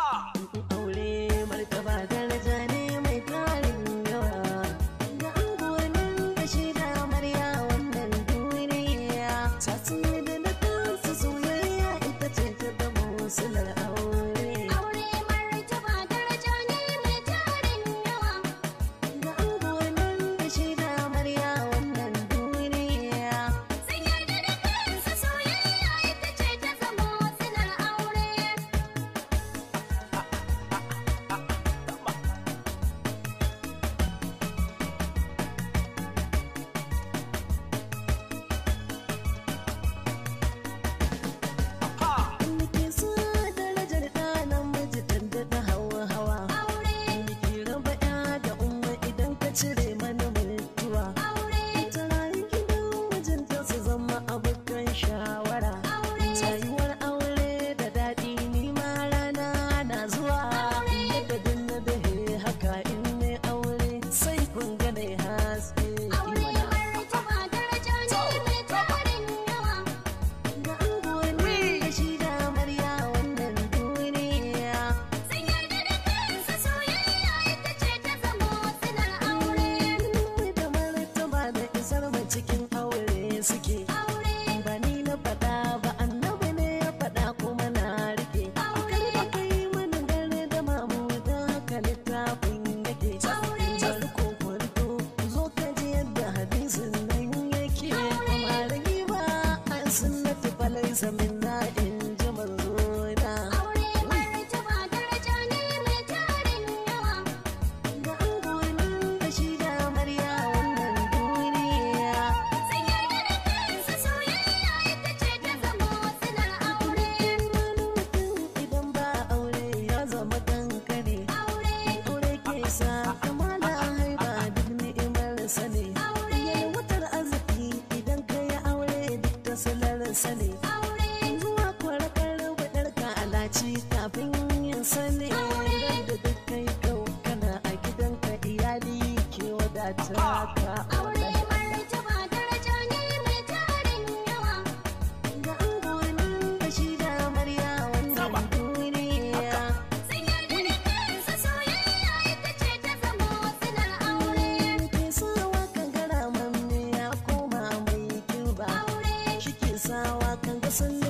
Ha! listen.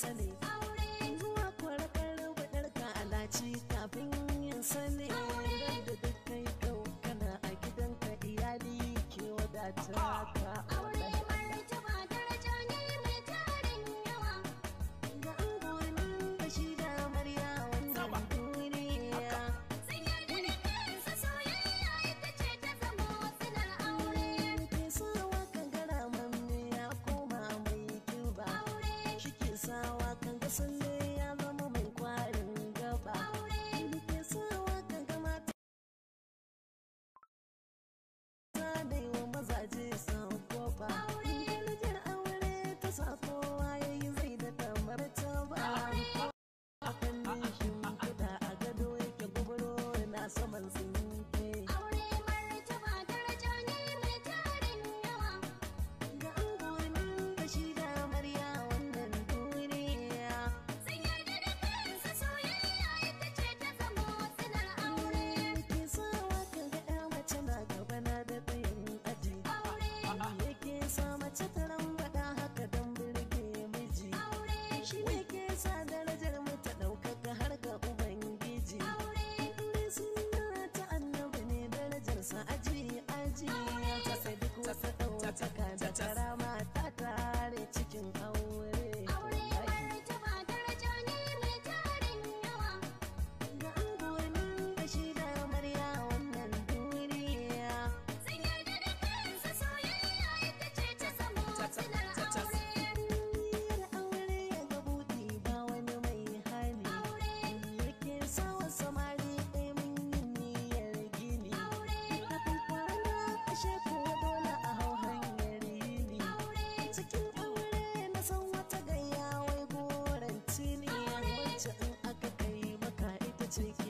Sunday. magic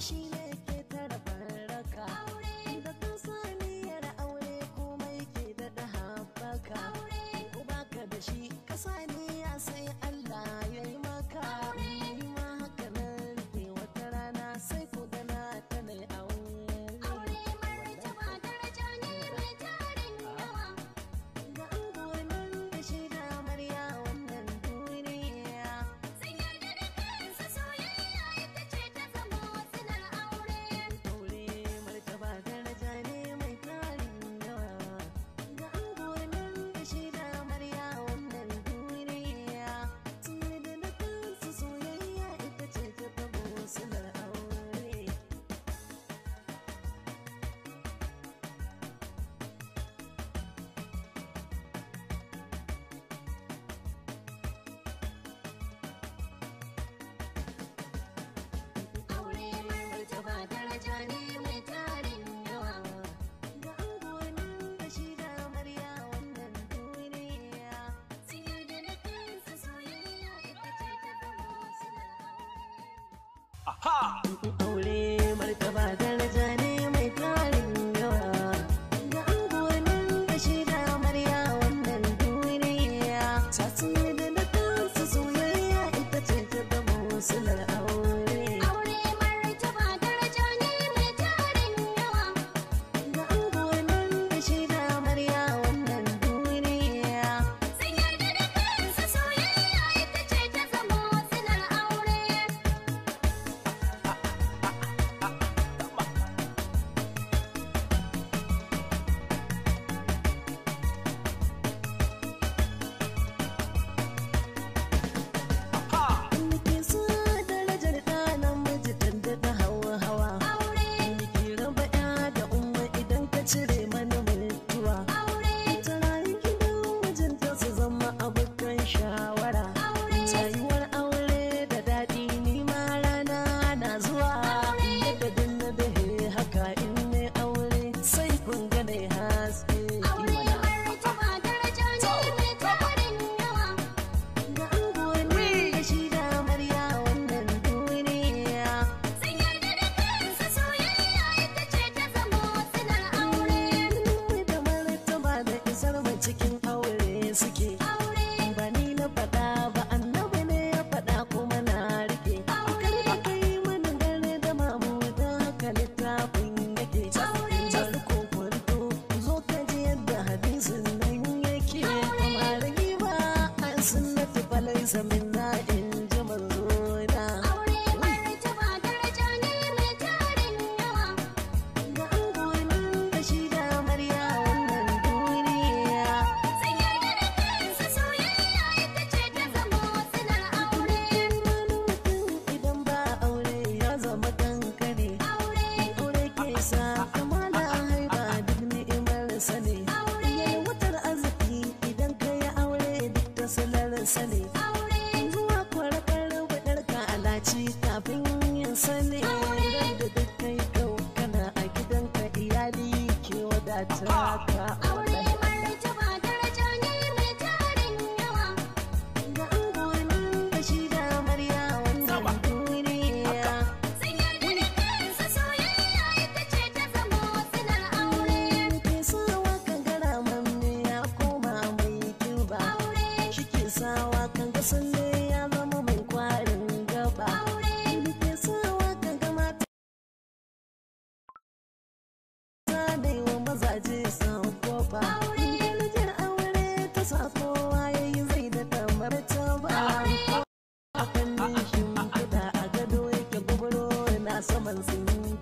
she Ha! Aure martaba daraja ne.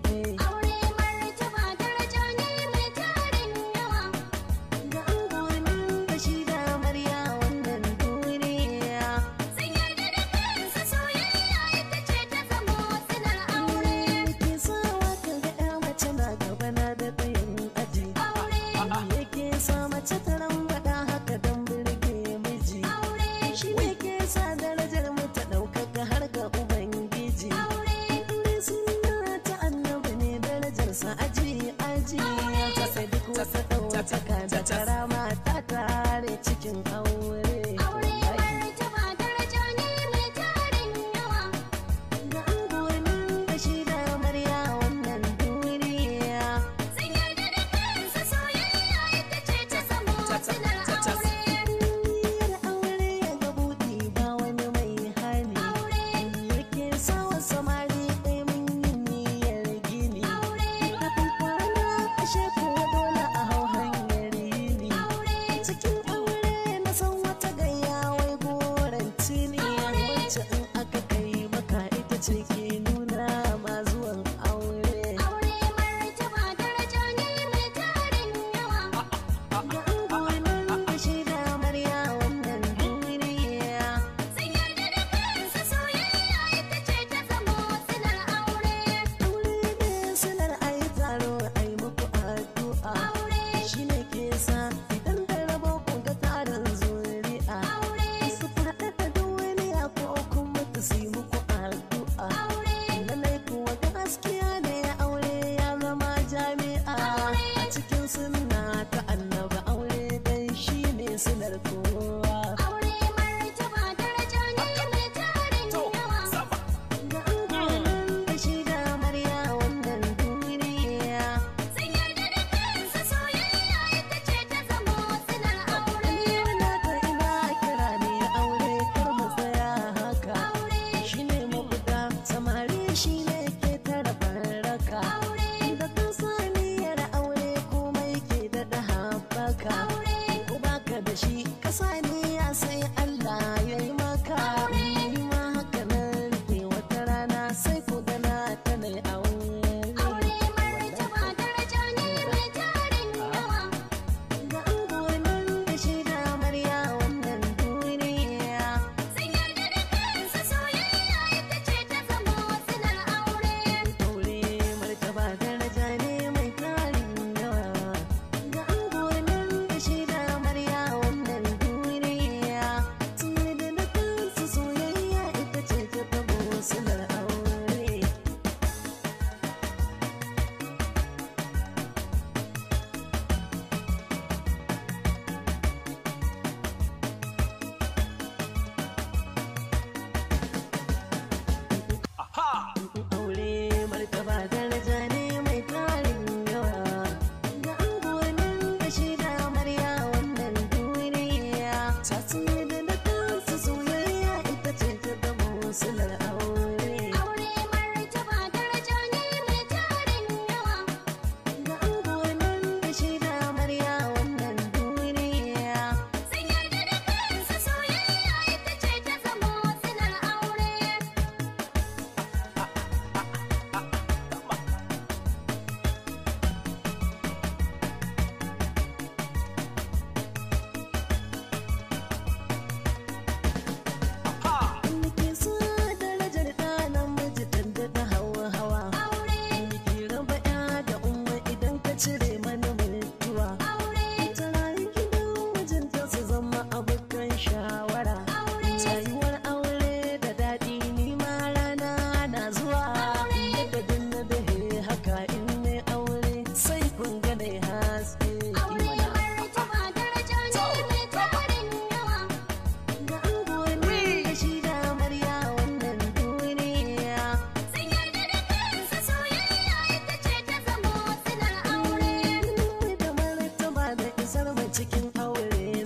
baby. touching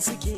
suke